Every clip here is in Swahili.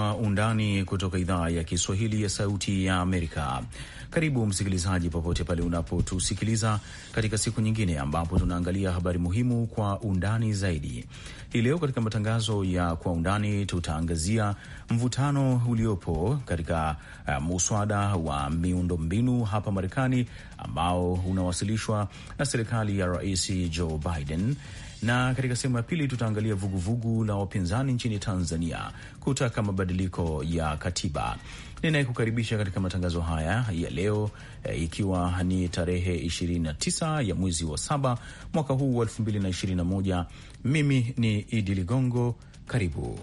Kwa Undani kutoka idhaa ya Kiswahili ya Sauti ya Amerika. Karibu msikilizaji, popote pale unapotusikiliza katika siku nyingine ambapo tunaangalia habari muhimu kwa undani zaidi. Hii leo katika matangazo ya Kwa Undani tutaangazia mvutano uliopo katika uh, muswada wa miundombinu hapa Marekani ambao unawasilishwa na serikali ya Rais Joe Biden na katika sehemu ya pili tutaangalia vuguvugu la wapinzani nchini Tanzania kutaka mabadiliko ya katiba. Ninayekukaribisha katika matangazo haya ya leo e, ikiwa ni tarehe 29 ya mwezi wa saba mwaka huu wa 2021. Mimi ni Idi Ligongo, karibu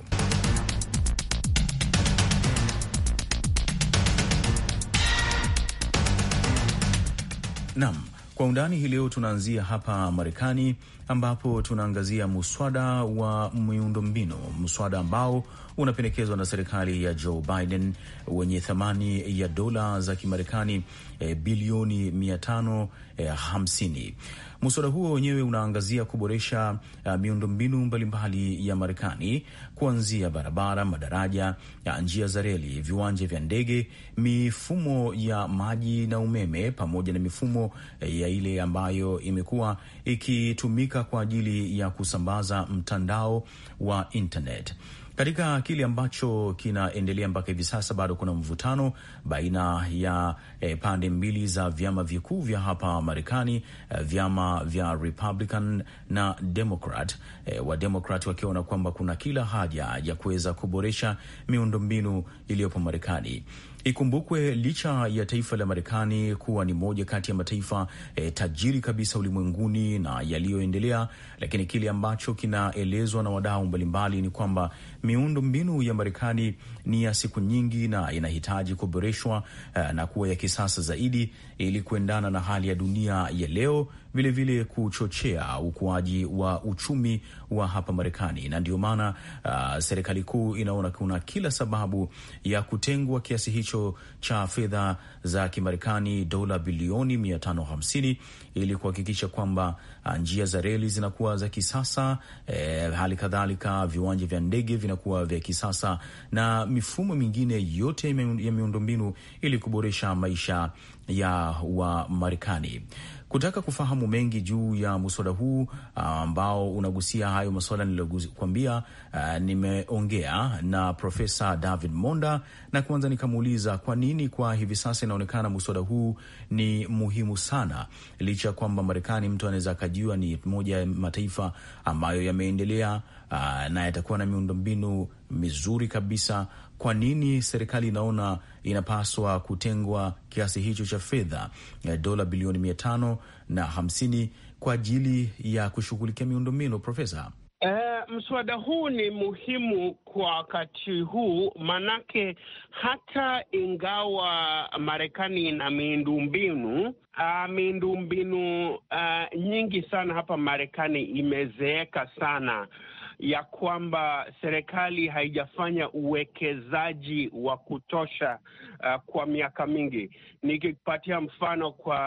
nam kwa undani hii leo tunaanzia hapa Marekani, ambapo tunaangazia muswada wa miundombinu, mswada ambao unapendekezwa na serikali ya Joe Biden wenye thamani ya dola za Kimarekani e, bilioni 550. Muswada huo wenyewe unaangazia kuboresha uh, miundombinu mbalimbali ya Marekani kuanzia barabara, madaraja, uh, njia za reli, viwanja vya ndege, mifumo ya maji na umeme, pamoja na mifumo uh, ya ile ambayo imekuwa ikitumika kwa ajili ya kusambaza mtandao wa internet katika kile ambacho kinaendelea mpaka hivi sasa, bado kuna mvutano baina ya eh, pande mbili za vyama vikuu vya hapa Marekani, eh, vyama vya Republican na Democrat, eh, wa Democrat wakiona kwamba kuna kila haja ya kuweza kuboresha miundombinu iliyopo Marekani. Ikumbukwe licha ya taifa la Marekani kuwa ni moja kati ya mataifa e, tajiri kabisa ulimwenguni na yaliyoendelea, lakini kile ambacho kinaelezwa na wadau mbalimbali ni kwamba miundo mbinu ya Marekani ni ya siku nyingi na inahitaji kuboreshwa eh, na kuwa ya kisasa zaidi ili kuendana na hali ya dunia ya leo vilevile kuchochea ukuaji wa uchumi wa hapa Marekani, na ndio maana uh, serikali kuu inaona kuna kila sababu ya kutengwa kiasi hicho cha fedha za Kimarekani, dola bilioni 550 ili kuhakikisha kwamba uh, njia za reli zinakuwa za kisasa, eh, hali kadhalika viwanja vya ndege vinakuwa vya kisasa na mifumo mingine yote ya miundombinu ili kuboresha maisha ya Wamarekani kutaka kufahamu mengi juu ya muswada huu ah, ambao unagusia hayo masuala niliyokuambia. Uh, nimeongea na Profesa David Monda na kwanza nikamuuliza kwa nini kwa hivi sasa inaonekana muswada huu ni muhimu sana, licha ya kwamba Marekani mtu anaweza akajiwa ni moja ya mataifa ambayo yameendelea, uh, na yatakuwa na miundombinu mizuri kabisa kwa nini serikali inaona inapaswa kutengwa kiasi hicho cha fedha eh, dola bilioni mia tano na hamsini kwa ajili ya kushughulikia miundombinu, Profesa? Uh, mswada huu ni muhimu kwa wakati huu, manake hata ingawa Marekani ina miundombinu uh, miundombinu uh, nyingi sana hapa Marekani imezeeka sana ya kwamba serikali haijafanya uwekezaji wa kutosha uh, kwa miaka mingi. Nikipatia mfano kwa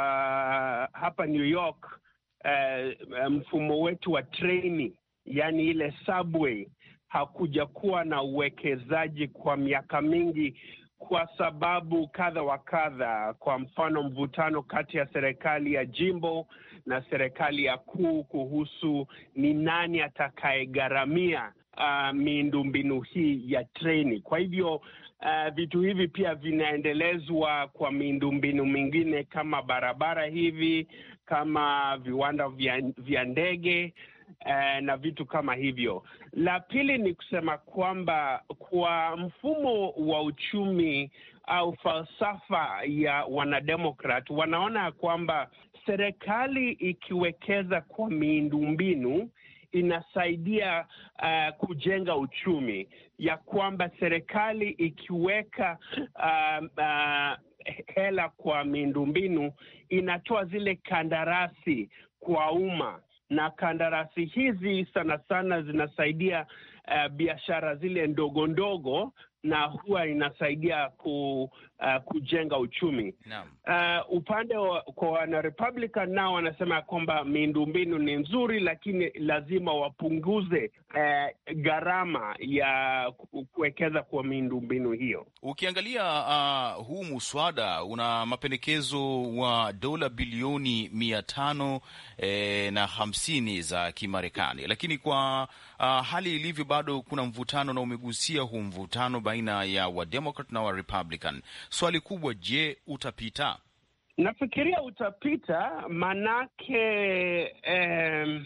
hapa New York uh, mfumo wetu wa treni, yaani ile subway, hakuja kuwa na uwekezaji kwa miaka mingi kwa sababu kadha wa kadha. Kwa mfano, mvutano kati ya serikali ya jimbo na serikali ya kuu kuhusu ni nani atakayegharamia uh, miundombinu hii ya treni. Kwa hivyo uh, vitu hivi pia vinaendelezwa kwa miundombinu mingine kama barabara hivi, kama viwanda vya, vya ndege uh, na vitu kama hivyo. La pili ni kusema kwamba kwa mfumo wa uchumi au falsafa ya wanademokrat wanaona kwamba serikali ikiwekeza kwa miundombinu inasaidia uh, kujenga uchumi, ya kwamba serikali ikiweka uh, uh, hela kwa miundombinu inatoa zile kandarasi kwa umma, na kandarasi hizi sana sana zinasaidia uh, biashara zile ndogo ndogo na huwa inasaidia ku, uh, kujenga uchumi no. Uh, upande wa, kwa wana Republican nao wanasema ya kwamba miundombinu ni nzuri, lakini lazima wapunguze uh, gharama ya kuwekeza kwa miundombinu hiyo. Ukiangalia uh, huu muswada una mapendekezo wa dola bilioni mia tano eh, na hamsini za Kimarekani, lakini kwa uh, hali ilivyo bado kuna mvutano na umegusia huu mvutano baina ya Wademokrat na Warepublican. Swali kubwa, je, utapita? Nafikiria utapita manake eh,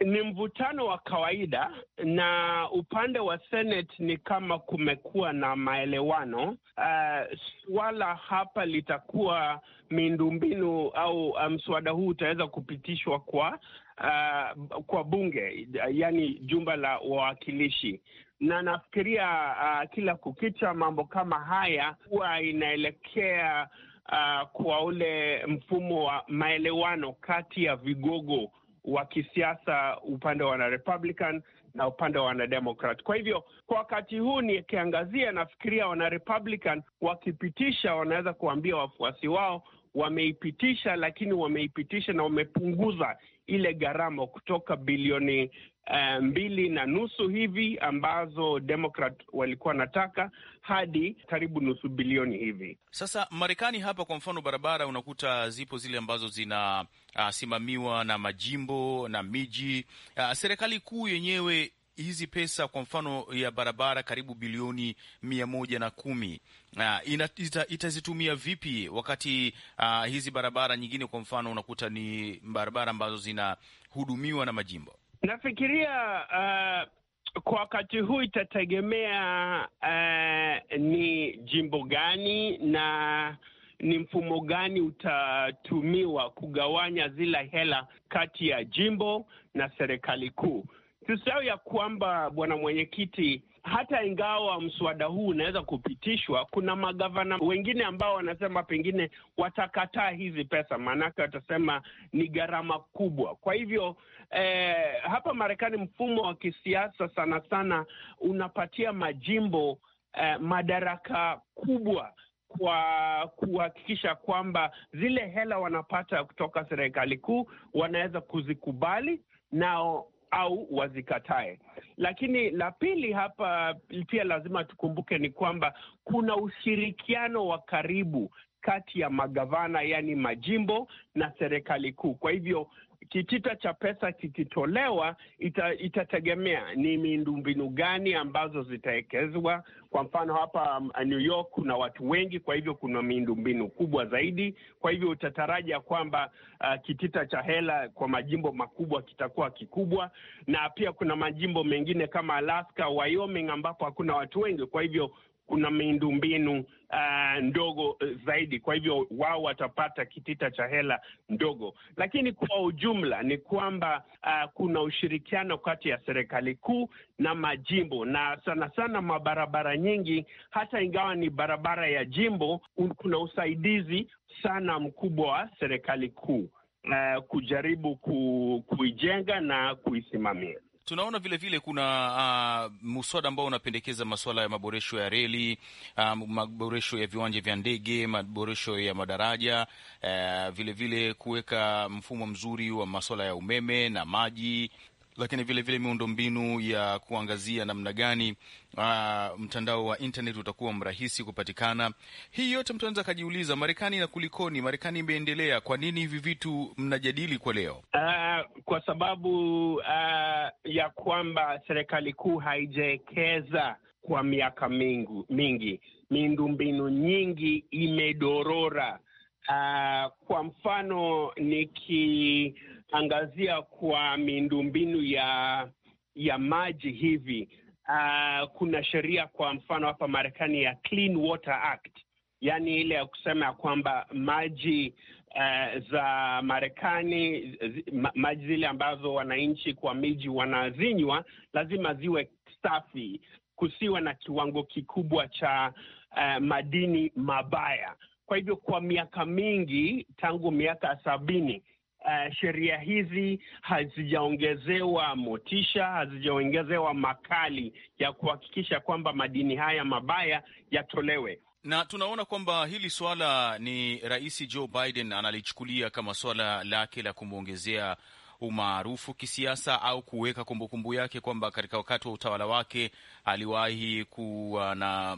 ni mvutano wa kawaida na upande wa Senate ni kama kumekuwa na maelewano. Uh, eh, swala hapa litakuwa miundombinu au eh, mswada um, huu utaweza kupitishwa kwa uh, kwa bunge, yaani jumba la wawakilishi na nafikiria uh, kila kukicha mambo kama haya huwa inaelekea uh, kwa ule mfumo wa maelewano kati ya vigogo wa kisiasa upande wa wanarepublican na upande wa wanademokrat. Kwa hivyo kwa wakati huu nikiangazia, nafikiria wanarepublican wakipitisha, wanaweza kuambia wafuasi wao wameipitisha, lakini wameipitisha na wamepunguza ile gharama kutoka bilioni Eh, mbili na nusu hivi ambazo Demokrat walikuwa wanataka hadi karibu nusu bilioni hivi. Sasa Marekani hapa, kwa mfano, barabara unakuta zipo zile ambazo zinasimamiwa ah, uh, na majimbo na miji uh, serikali kuu yenyewe hizi pesa kwa mfano ya barabara karibu bilioni mia moja na kumi uh, ina, ita, itazitumia vipi wakati uh, hizi barabara nyingine kwa mfano unakuta ni barabara ambazo zinahudumiwa na majimbo? Nafikiria uh, kwa wakati huu itategemea uh, ni jimbo gani na ni mfumo gani utatumiwa kugawanya zile hela kati ya jimbo na serikali kuu. Tusahau ya kwamba bwana mwenyekiti hata ingawa mswada huu unaweza kupitishwa, kuna magavana wengine ambao wanasema pengine watakataa hizi pesa, maanake watasema ni gharama kubwa. Kwa hivyo eh, hapa Marekani mfumo wa kisiasa sana sana unapatia majimbo eh, madaraka kubwa kwa kuhakikisha kwamba zile hela wanapata kutoka serikali kuu wanaweza kuzikubali nao au wazikatae. Lakini la pili hapa pia lazima tukumbuke ni kwamba kuna ushirikiano wa karibu kati ya magavana, yaani majimbo na serikali kuu. Kwa hivyo kitita cha pesa kikitolewa ita, itategemea ni miundombinu gani ambazo zitaekezwa Kwa mfano hapa um, New York kuna watu wengi, kwa hivyo kuna miundombinu kubwa zaidi. Kwa hivyo utataraja kwamba uh, kitita cha hela kwa majimbo makubwa kitakuwa kikubwa, na pia kuna majimbo mengine kama Alaska, Wyoming ambapo hakuna watu wengi, kwa hivyo kuna miundombinu uh, ndogo uh, zaidi, kwa hivyo wao watapata kitita cha hela ndogo, lakini kwa ujumla ni kwamba uh, kuna ushirikiano kati ya serikali kuu na majimbo, na sana sana mabarabara nyingi, hata ingawa ni barabara ya jimbo, kuna usaidizi sana mkubwa wa serikali kuu uh, kujaribu ku, kuijenga na kuisimamia tunaona vilevile vile kuna uh, ah, muswada ambao unapendekeza masuala ya maboresho ya reli uh, maboresho ya viwanja vya ndege, maboresho ya madaraja vilevile eh, uh, vile kuweka mfumo mzuri wa masuala ya umeme na maji lakini vilevile mbinu ya kuangazia namna gani uh, mtandao wa internet utakuwa mrahisi kupatikana. Hii yote mtu anaweza akajiuliza, Marekani na kulikoni, Marekani imeendelea, kwa nini hivi vitu mnajadili kwa leo? Uh, kwa sababu uh, ya kwamba serikali kuu haijawekeza kwa miaka mingi miundo mbinu nyingi imedorora Uh, kwa mfano nikiangazia kwa miundombinu ya ya maji hivi, uh, kuna sheria kwa mfano hapa Marekani ya Clean Water Act, yaani ile ya kusema ya kwamba maji uh, za Marekani ma, maji zile ambazo wananchi kwa miji wanazinywa lazima ziwe safi, kusiwa na kiwango kikubwa cha uh, madini mabaya kwa hivyo kwa miaka mingi tangu miaka sabini Uh, sheria hizi hazijaongezewa motisha, hazijaongezewa makali ya kuhakikisha kwamba madini haya mabaya yatolewe, na tunaona kwamba hili swala ni Rais Joe Biden analichukulia kama swala lake la kumwongezea umaarufu kisiasa au kuweka kumbukumbu yake kwamba katika wakati wa utawala wake aliwahi kuwa na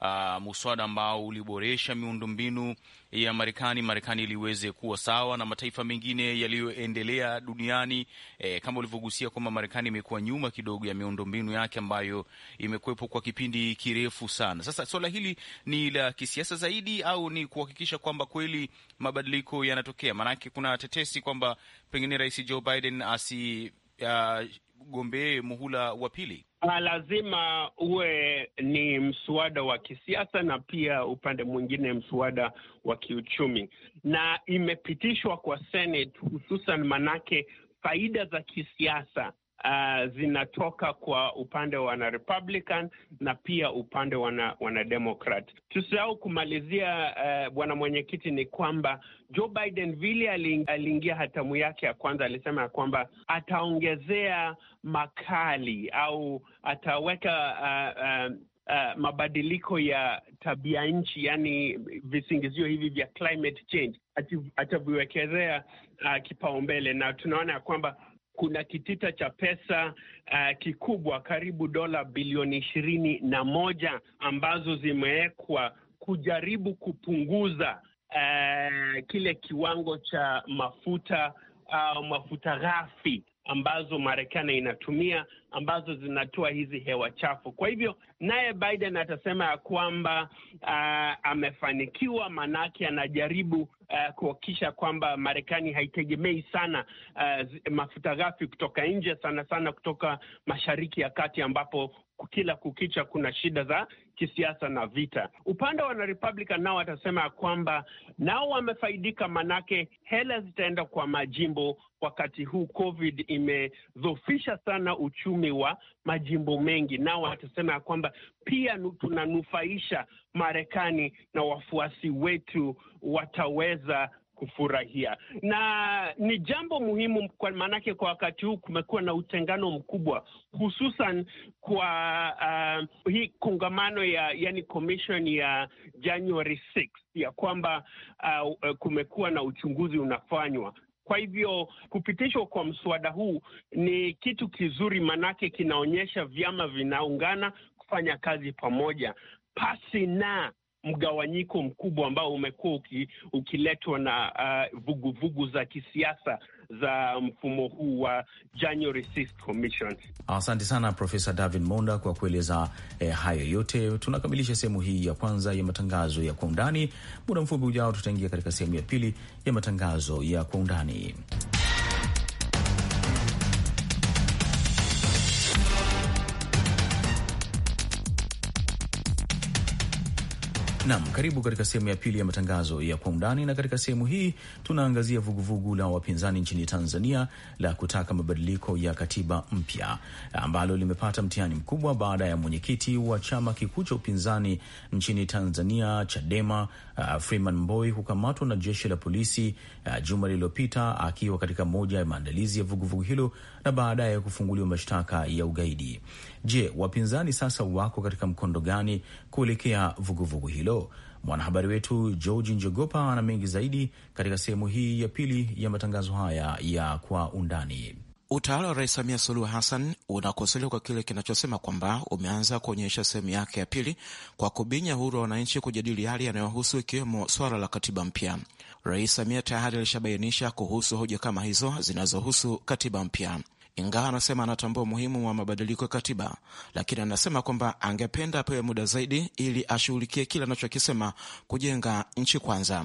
uh, muswada ambao uliboresha miundombinu ya Marekani, Marekani iliweze kuwa sawa na mataifa mengine yaliyoendelea duniani. E, kama ulivyogusia kwamba Marekani imekuwa nyuma kidogo ya miundombinu yake ambayo imekuwepo kwa kipindi kirefu sana. Sasa swala hili ni la kisiasa zaidi au ni kuhakikisha kwamba kweli mabadiliko yanatokea? Maanake kuna tetesi kwamba pengine Rais Joe Joe Biden asigombee uh, muhula wa pili? Ah, lazima uwe ni mswada wa kisiasa na pia upande mwingine mswada wa kiuchumi, na imepitishwa kwa Senate hususan manake faida za kisiasa uh, zinatoka kwa upande wa wanarepublican na pia upande wa wanademokrat. tusiau kumalizia, uh, bwana mwenyekiti, ni kwamba Joe Biden vile aliingia hatamu yake ya kwanza, alisema ya kwamba ataongezea makali au ataweka uh, uh, Uh, mabadiliko ya tabia nchi, yani visingizio hivi vya climate change ataviwekezea uh, kipaumbele, na tunaona ya kwamba kuna kitita cha pesa uh, kikubwa karibu dola bilioni ishirini na moja ambazo zimewekwa kujaribu kupunguza uh, kile kiwango cha mafuta au uh, mafuta ghafi ambazo Marekani inatumia ambazo zinatoa hizi hewa chafu. Kwa hivyo naye Biden atasema ya kwamba uh, amefanikiwa, maanake anajaribu uh, kuhakikisha kwamba Marekani haitegemei sana uh, mafuta ghafi kutoka nje, sana sana kutoka Mashariki ya Kati ambapo kila kukicha kuna shida za kisiasa na vita. Upande wa Republican nao watasema ya kwamba nao wamefaidika, manake hela zitaenda kwa majimbo. Wakati huu COVID imedhofisha sana uchumi wa majimbo mengi, nao watasema ya kwamba pia tunanufaisha Marekani na wafuasi wetu wataweza kufurahia, na ni jambo muhimu kwa maanake, kwa wakati huu kumekuwa na utengano mkubwa, hususan kwa uh, hii kongamano ya yani commission ya January 6 ya kwamba uh, uh, kumekuwa na uchunguzi unafanywa kwa hivyo kupitishwa kwa mswada huu ni kitu kizuri, manake kinaonyesha vyama vinaungana kufanya kazi pamoja pasi na mgawanyiko mkubwa ambao umekuwa uki, ukiletwa na uh, vuguvugu uh, vugu za kisiasa za mfumo huu wa January 6 Commission. Asante sana Profesa David Monda kwa kueleza eh, hayo yote. Tunakamilisha sehemu hii ya kwanza ya matangazo ya kwa undani. Muda mfupi ujao, tutaingia katika sehemu ya pili ya matangazo ya kwa undani. Nam, karibu katika sehemu ya pili ya matangazo ya kwa undani, na katika sehemu hii tunaangazia vuguvugu la wapinzani nchini Tanzania la kutaka mabadiliko ya katiba mpya ambalo limepata mtihani mkubwa baada ya mwenyekiti wa chama kikuu cha upinzani nchini Tanzania Chadema uh, Freeman Mboy kukamatwa na jeshi la polisi uh, juma lililopita akiwa katika moja ya maandalizi ya vuguvugu hilo na baadaye kufunguliwa mashtaka ya ugaidi. Je, wapinzani sasa wako katika mkondo gani kuelekea vuguvugu hilo? Mwanahabari wetu Georgi Njogopa ana mengi zaidi katika sehemu hii ya pili ya matangazo haya ya Kwa Undani. Utawala wa Rais Samia Suluhu Hassan unakosolewa kwa kile kinachosema kwamba umeanza kuonyesha sehemu yake ya pili kwa kubinya uhuru wa wananchi kujadili hali yanayohusu ikiwemo swala la katiba mpya. Rais Samia tayari alishabainisha kuhusu hoja kama hizo zinazohusu katiba mpya ingawa anasema anatambua umuhimu wa mabadiliko ya katiba, lakini anasema kwamba angependa apewe muda zaidi ili ashughulikie kile anachokisema kujenga nchi kwanza.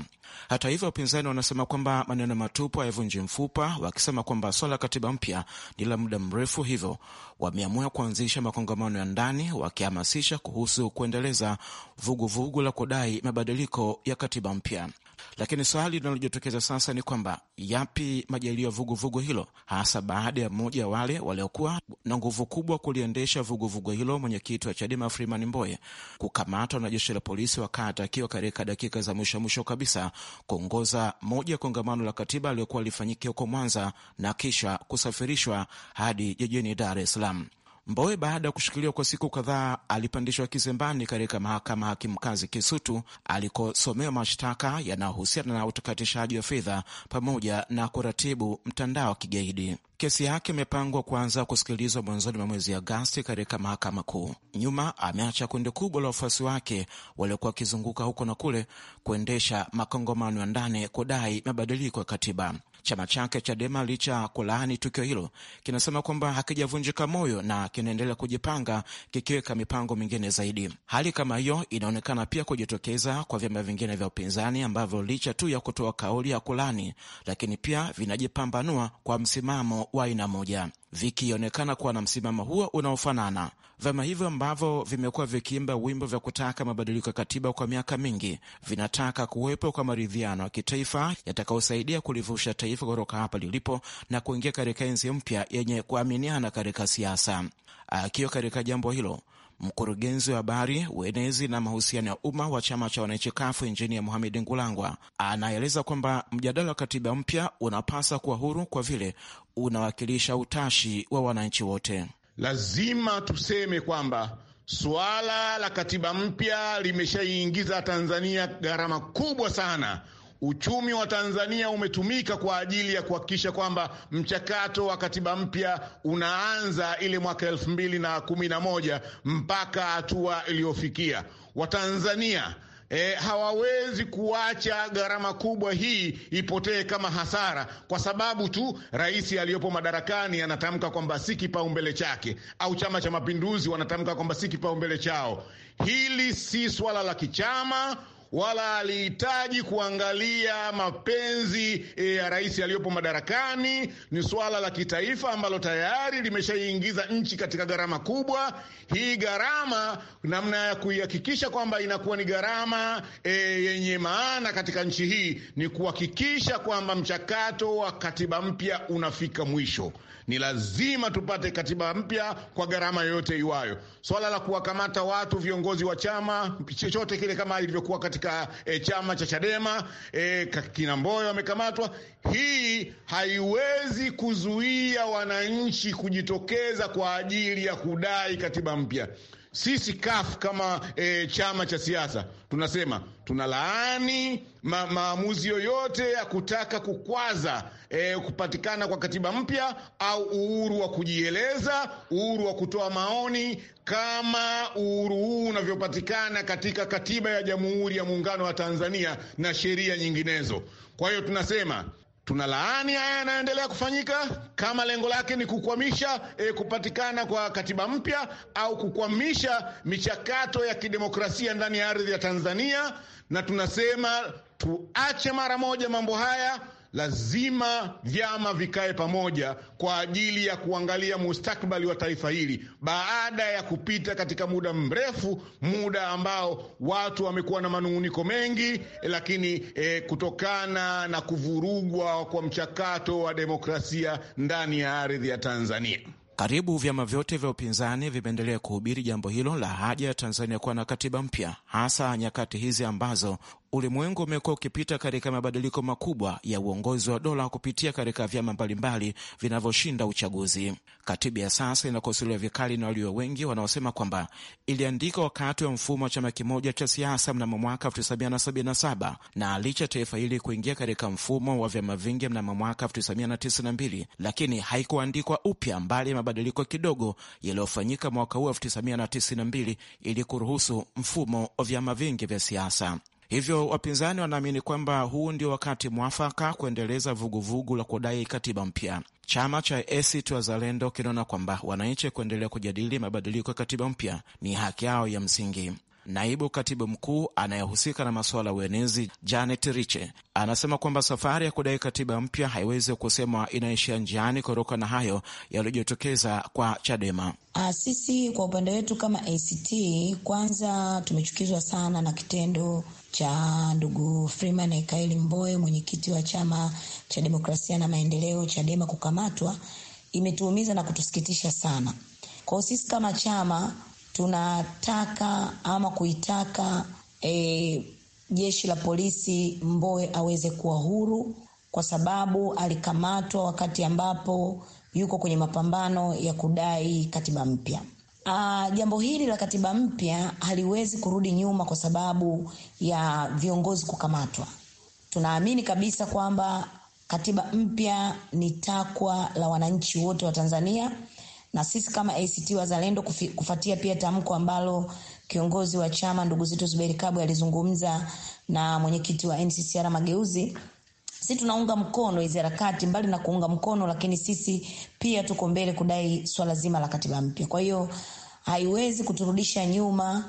Hata hivyo, wapinzani wanasema kwamba maneno matupu hayavunji mfupa, wakisema kwamba swala la katiba mpya ni la muda mrefu, hivyo wameamua kuanzisha makongamano ya ndani, wakihamasisha kuhusu kuendeleza vuguvugu vugu la kudai mabadiliko ya katiba mpya. Lakini swali linalojitokeza sasa ni kwamba yapi majalio ya vuguvugu hilo, hasa baada ya mmoja ya wale waliokuwa na nguvu kubwa kuliendesha vuguvugu hilo, mwenyekiti wa Chadema Freeman Mboye, kukamatwa na jeshi la polisi wakati akiwa katika dakika za mwisho mwisho kabisa kuongoza moja ya kongamano la katiba aliyokuwa lifanyike huko Mwanza na kisha kusafirishwa hadi jijini Dar es Salaam. Mbowe baada ya kushikiliwa kwa siku kadhaa alipandishwa kizimbani katika mahakama hakimu kazi Kisutu alikosomewa mashtaka yanayohusiana na utakatishaji wa fedha pamoja na kuratibu mtandao wa kigaidi. Kesi yake imepangwa kuanza kusikilizwa mwanzoni mwa mwezi Agasti katika mahakama kuu. Nyuma ameacha kundi kubwa la wafuasi wake waliokuwa wakizunguka huko na kule kuendesha makongamano ya ndani kudai mabadiliko ya katiba. Chama chake Chadema, licha ya kulaani tukio hilo, kinasema kwamba hakijavunjika moyo na kinaendelea kujipanga kikiweka mipango mingine zaidi. Hali kama hiyo inaonekana pia kujitokeza kwa vyama vingine vya upinzani ambavyo licha tu ya kutoa kauli ya kulaani, lakini pia vinajipambanua kwa msimamo wa aina moja vikionekana kuwa na msimamo huo unaofanana. Vyama hivyo ambavyo vimekuwa vikiimba wimbo vya kutaka mabadiliko ya katiba kwa miaka mingi vinataka kuwepo kwa maridhiano ya kitaifa yatakayosaidia kulivusha taifa kutoka hapa lilipo na kuingia katika enzi mpya yenye kuaminiana katika siasa. Akiwa katika jambo hilo Mkurugenzi wa habari, uenezi na mahusiano ya umma wa chama cha wananchi kafu Injinia muhamedi Ngulangwa anaeleza kwamba mjadala wa katiba mpya unapasa kuwa huru kwa vile unawakilisha utashi wa wananchi wote. Lazima tuseme kwamba suala la katiba mpya limeshaiingiza Tanzania gharama kubwa sana uchumi wa Tanzania umetumika kwa ajili ya kuhakikisha kwamba mchakato wa katiba mpya unaanza ile mwaka elfu mbili na kumi na moja mpaka hatua iliyofikia Watanzania E, hawawezi kuacha gharama kubwa hii ipotee kama hasara kwa sababu tu rais aliyopo madarakani anatamka kwamba si kipaumbele chake, au Chama cha Mapinduzi wanatamka kwamba si kipaumbele chao. Hili si swala la kichama wala alihitaji kuangalia mapenzi eh, ya rais aliyopo madarakani. Ni swala la kitaifa ambalo tayari limeshaiingiza nchi katika gharama kubwa. Hii gharama, namna ya kuihakikisha kwamba inakuwa ni gharama e, yenye maana katika nchi hii ni kuhakikisha kwamba mchakato wa katiba mpya unafika mwisho. Ni lazima tupate katiba mpya kwa gharama yoyote iwayo. Swala la kuwakamata watu viongozi wa chama chochote kile kama ilivyokuwa katika e, chama cha Chadema e, kina Mboyo amekamatwa, hii haiwezi kuzuia wananchi kujitokeza kwa ajili ya kudai katiba mpya. Sisi CUF kama e, chama cha siasa tunasema tunalaani ma, maamuzi yoyote ya kutaka kukwaza e, kupatikana kwa katiba mpya au uhuru wa kujieleza, uhuru wa kutoa maoni kama uhuru huu unavyopatikana katika katiba ya Jamhuri ya Muungano wa Tanzania na sheria nyinginezo. Kwa hiyo tunasema tuna laani haya yanayoendelea kufanyika, kama lengo lake ni kukwamisha e, kupatikana kwa katiba mpya au kukwamisha michakato ya kidemokrasia ndani ya ardhi ya Tanzania, na tunasema tuache mara moja mambo haya lazima vyama vikae pamoja kwa ajili ya kuangalia mustakbali wa taifa hili baada ya kupita katika muda mrefu, muda ambao watu wamekuwa na manung'uniko mengi, lakini e, kutokana na kuvurugwa kwa mchakato wa demokrasia ndani ya ardhi ya Tanzania. Karibu vyama vyote vya upinzani vimeendelea kuhubiri jambo hilo la haja ya Tanzania kuwa na katiba mpya, hasa nyakati hizi ambazo ulimwengu umekuwa ukipita katika mabadiliko makubwa ya uongozi wa dola kupitia katika vyama mbalimbali vinavyoshinda uchaguzi. Katiba ya sasa inakosolewa vikali na walio wengi wanaosema kwamba iliandika wakati wa mfumo wa chama kimoja cha siasa mnamo mwaka 1977 na licha taifa hili kuingia katika mfumo wa vyama vingi mnamo mwaka 1992, lakini haikuandikwa upya, mbali ya mabadiliko kidogo yaliyofanyika mwaka huu 1992 ili kuruhusu mfumo wa vyama vingi vya siasa. Hivyo wapinzani wanaamini kwamba huu ndio wakati mwafaka kuendeleza vuguvugu la kudai katiba mpya. Chama cha ACT Wazalendo kinaona kwamba wananchi kuendelea kujadili mabadiliko ya katiba mpya ni haki yao ya msingi. Naibu katibu mkuu anayehusika na masuala ya uenezi Janet Riche anasema kwamba safari ya kudai katiba mpya haiwezi kusemwa inaishia njiani kutoka na hayo yaliyojitokeza kwa Chadema. Ah, sisi kwa upande wetu kama ACT kwanza tumechukizwa sana na kitendo cha ndugu Freeman Kaili mboe mwenyekiti wa chama cha demokrasia na maendeleo Chadema, kukamatwa imetuumiza na kutusikitisha sana. Kwa sisi kama chama tunataka ama kuitaka e, jeshi la polisi mboe aweze kuwa huru, kwa sababu alikamatwa wakati ambapo yuko kwenye mapambano ya kudai katiba mpya. Uh, jambo hili la katiba mpya haliwezi kurudi nyuma kwa sababu ya viongozi kukamatwa. Tunaamini kabisa kwamba katiba mpya ni takwa la wananchi wote wa Tanzania na sisi kama ACT Wazalendo kufuatia pia tamko ambalo kiongozi wa chama ndugu Zitto Zuberi Kabwe alizungumza na mwenyekiti wa NCCR Mageuzi sisi tunaunga mkono hizi harakati, mbali na kuunga mkono, lakini sisi pia tuko mbele kudai swala zima la katiba mpya. Kwa hiyo haiwezi kuturudisha nyuma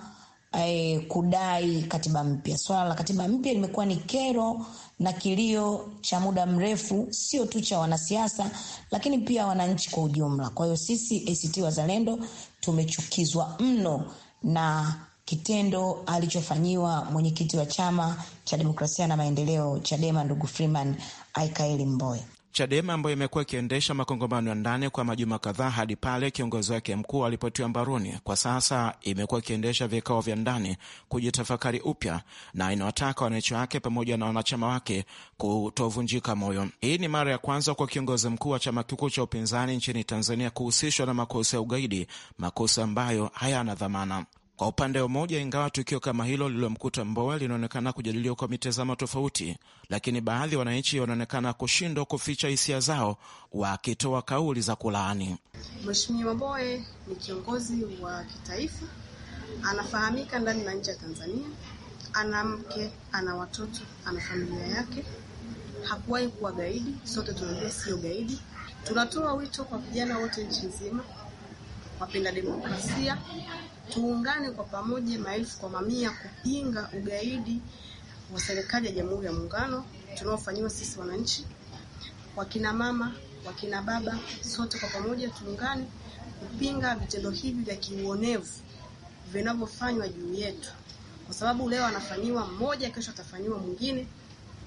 eh, kudai katiba mpya. Swala la katiba mpya limekuwa ni kero na kilio cha muda mrefu, sio tu cha wanasiasa, lakini pia wananchi kwa ujumla. Kwa hiyo sisi ACT Wazalendo tumechukizwa mno na kitendo alichofanyiwa mwenyekiti wa chama cha demokrasia na maendeleo Chadema ndugu Freeman Aikaeli Mboe. Chadema ambayo imekuwa ikiendesha makongamano ya ndani kwa majuma kadhaa hadi pale kiongozi wake mkuu alipotiwa mbaroni, kwa sasa imekuwa ikiendesha vikao vya ndani kujitafakari upya, na inawataka wananchi wake pamoja na wanachama wake kutovunjika moyo. Hii ni mara ya kwanza kwa kiongozi mkuu wa chama kikuu cha upinzani nchini Tanzania kuhusishwa na makosa ya ugaidi, makosa ambayo hayana dhamana. Kwa upande mmoja, ingawa tukio kama hilo lililomkuta Mbowe linaonekana kujadiliwa kwa mitazamo tofauti, lakini baadhi ya wananchi wanaonekana kushindwa kuficha hisia zao, wakitoa kauli za kulaani. Mheshimiwa Mbowe ni kiongozi wa kitaifa, anafahamika ndani na nje ya Tanzania. Ana mke, ana watoto, ana familia yake, hakuwahi kuwa gaidi. Sote tunajua sio gaidi. Tunatoa wito kwa vijana wote nchi nzima, wapenda demokrasia Tuungane kwa pamoja, maelfu kwa mamia, kupinga ugaidi wa serikali ya Jamhuri ya Muungano tunaofanyiwa sisi wananchi, wakina mama, wakina baba, sote kwa pamoja tuungane kupinga vitendo hivi vya kiuonevu vinavyofanywa juu yetu, kwa sababu leo anafanyiwa mmoja, kesho atafanyiwa mwingine.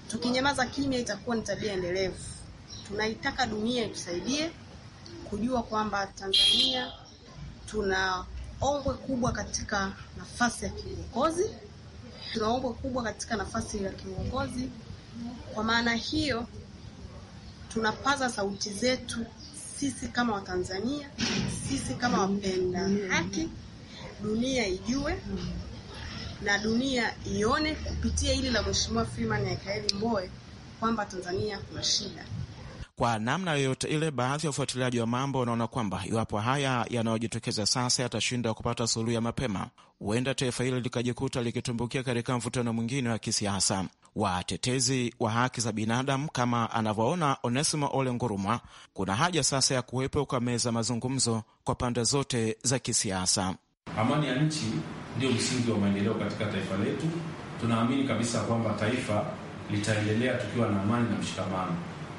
Tukinyamaza kimya, itakuwa ni tabia endelevu. Tunaitaka dunia itusaidie kujua kwamba Tanzania tuna ombwe kubwa katika nafasi ya kiuongozi, tuna ombwe kubwa katika nafasi ya kiuongozi. Kwa maana hiyo, tunapaza sauti zetu sisi kama Watanzania, sisi kama wapenda haki, dunia ijue na dunia ione kupitia hili la Mheshimiwa Freeman Aikaeli Mbowe kwamba Tanzania kuna shida. Kwa namna yoyote ile, baadhi ya ufuatiliaji wa mambo wanaona kwamba iwapo haya yanayojitokeza sasa yatashindwa kupata suluhu ya mapema, huenda taifa hilo likajikuta likitumbukia katika mvutano mwingine wa kisiasa. Watetezi wa haki za binadamu kama anavyoona Onesimo Ole Ngurumwa, kuna haja sasa ya kuwepo kwa meza mazungumzo kwa pande zote za kisiasa. Amani ya nchi ndiyo msingi wa maendeleo katika taifa letu. Tunaamini kabisa kwamba taifa litaendelea tukiwa na amani na mshikamano.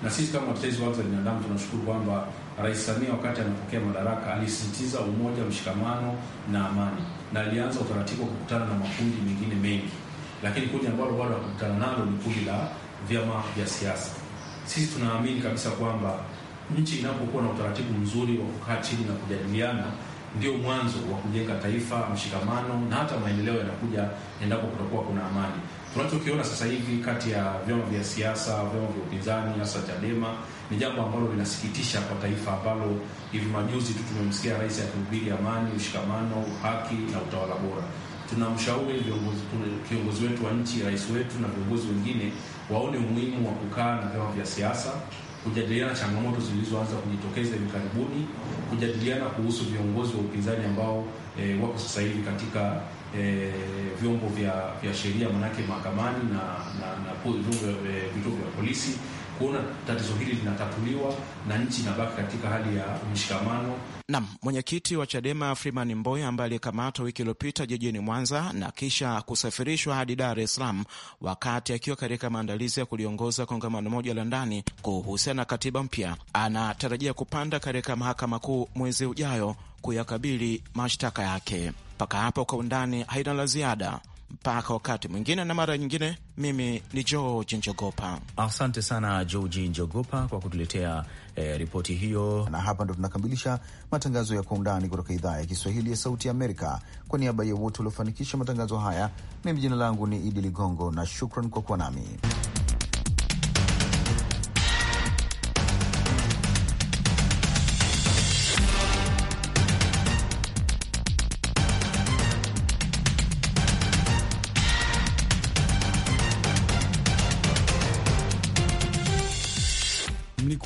Na sisi kama watetezi wa haki za binadamu tunashukuru kwamba Rais Samia wakati anapokea madaraka alisisitiza umoja, mshikamano na amani, na alianza utaratibu wa kukutana na makundi mengine mengi, lakini kundi ambalo bado hakukutana nalo ni kundi la vyama vya siasa. Sisi tunaamini kabisa kwamba nchi inapokuwa na utaratibu mzuri wa kukaa chini na kujadiliana ndio mwanzo wa kujenga taifa, mshikamano na hata maendeleo yanakuja endapo kutakuwa kuna amani. Tunachokiona sasa hivi kati ya vyama vya siasa, vyama vya upinzani, hasa Chadema, ni jambo ambalo linasikitisha kwa taifa ambalo hivi majuzi tu tumemsikia rais akihubiri amani, ushikamano, haki na utawala bora. Tunamshauri viongozi wetu wa nchi, rais wetu na viongozi wengine waone umuhimu wa kukaa na vyama vya siasa kujadiliana changamoto zilizoanza kujitokeza hivi karibuni, kujadiliana kuhusu viongozi wa upinzani ambao e, wako sasa hivi katika e, vyombo vya, vya sheria manake mahakamani na, na, na e, vituo vya polisi kuona tatizo hili linatatuliwa na nchi inabaki katika hali ya mshikamano. Nam mwenyekiti wa Chadema Freeman Mboya ambaye alikamatwa wiki iliyopita jijini Mwanza na kisha kusafirishwa hadi Dar es Salaam wakati akiwa katika maandalizi ya kuliongoza kongamano moja la ndani kuhusiana na katiba mpya, anatarajia kupanda katika mahakama kuu mwezi ujayo kuyakabili mashtaka yake. Mpaka hapo kwa undani, haina la ziada mpaka wakati mwingine na mara nyingine. Mimi ni George Njogopa. Asante sana George Njogopa kwa kutuletea eh, ripoti hiyo, na hapa ndo tunakamilisha matangazo ya Kwa Undani kutoka idhaa ya Kiswahili ya Sauti ya Amerika. Kwa niaba ya wote waliofanikisha matangazo haya, mimi jina langu ni Idi Ligongo na shukran kwa kuwa nami.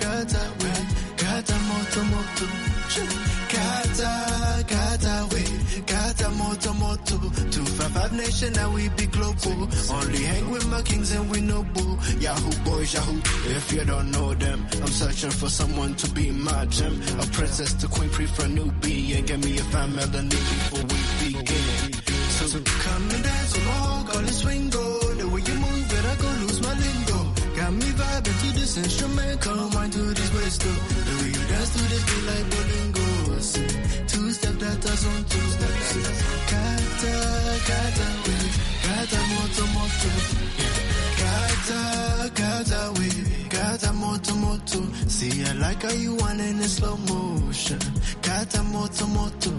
kata we kata moto moto kata kata we kata moto moto To two five five nation now we be global only hang with my kings and we noble yahoo boys yahoo if you don't know them i'm searching for someone to be my gem a princess to queen prefer newbie and give me a fine melody before we begin so come and dance along all the swing this instrumental, mind to this wisdom. The way you dance to this beat like Bolingos. Two step that does on two steps. Kata, kata, we. Kata, moto, moto. Kata, kata, we. Kata, moto, moto. See, I like how you want in slow motion. Kata, moto, moto.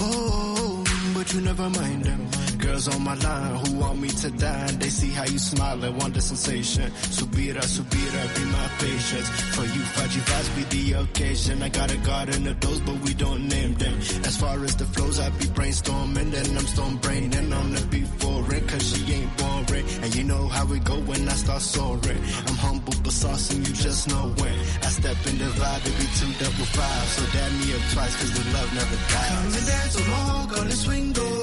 Oh, but you never mind them. Girls on my line who want me to die. They see how you smile and want the sensation. Subira, subira, be my patience. For you, Faji vibes be the occasion. I got a garden of those, but we don't name them. As far as the flows, I be brainstorming. Then I'm stone brain and I'm the beat for it. Cause she ain't boring. And you know how it go when I start soaring. I'm humble but saucy, you just know when. I step in the vibe, it be two double five. So dab me up twice cause the love never dies. Come and dance along, on to swing, go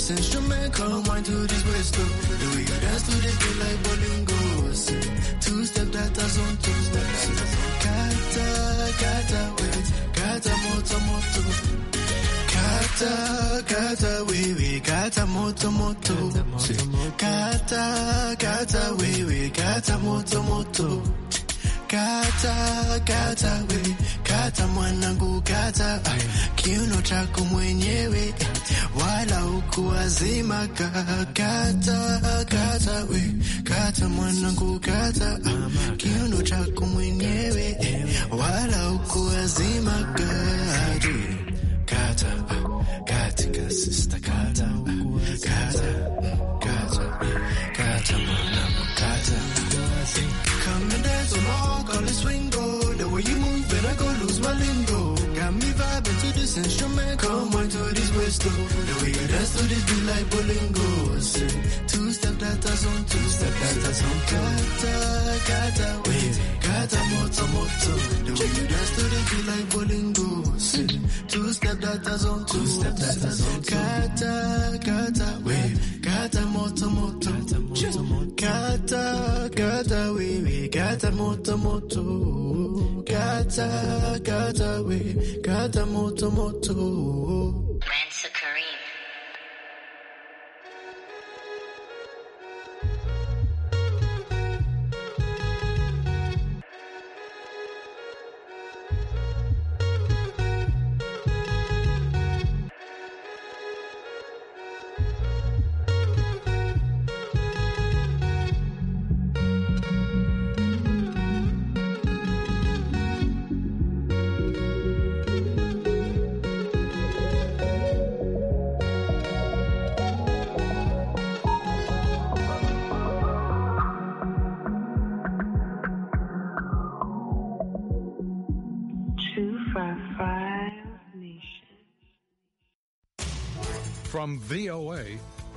this instrument, come wine to this whistle. The way you dance to this beat like Bolingos. Two step that does on two steps. Kata, kata, wait, kata moto moto. Kata, kata, wee wee, kata moto moto. Kata, kata, wee wee, kata moto moto. Kata, kata we, kata mwanangu, kata kiuno chako mwenyewe, wala ukuwazima. Kata, kata we, kata mwanangu, kata kiuno chako mwenyewe, wala ukuwazima. Kata, katika sista, kata, kata, kata, kata mwanangu, kata Come and dance along on this swing, go. The way you move and I go lose my lingo this instrument, come on to this pistol. The way you dance to this beat like Bolingo. two step that that's on two step that that's on. Kata, kata, wait, kata moto moto. The way you dance to this beat like Bolingo. two step that that's on two step that that's on. Kata, kata, wait, kata moto moto. Kata, kata, wait, kata moto moto kata kata we, kata moto moto.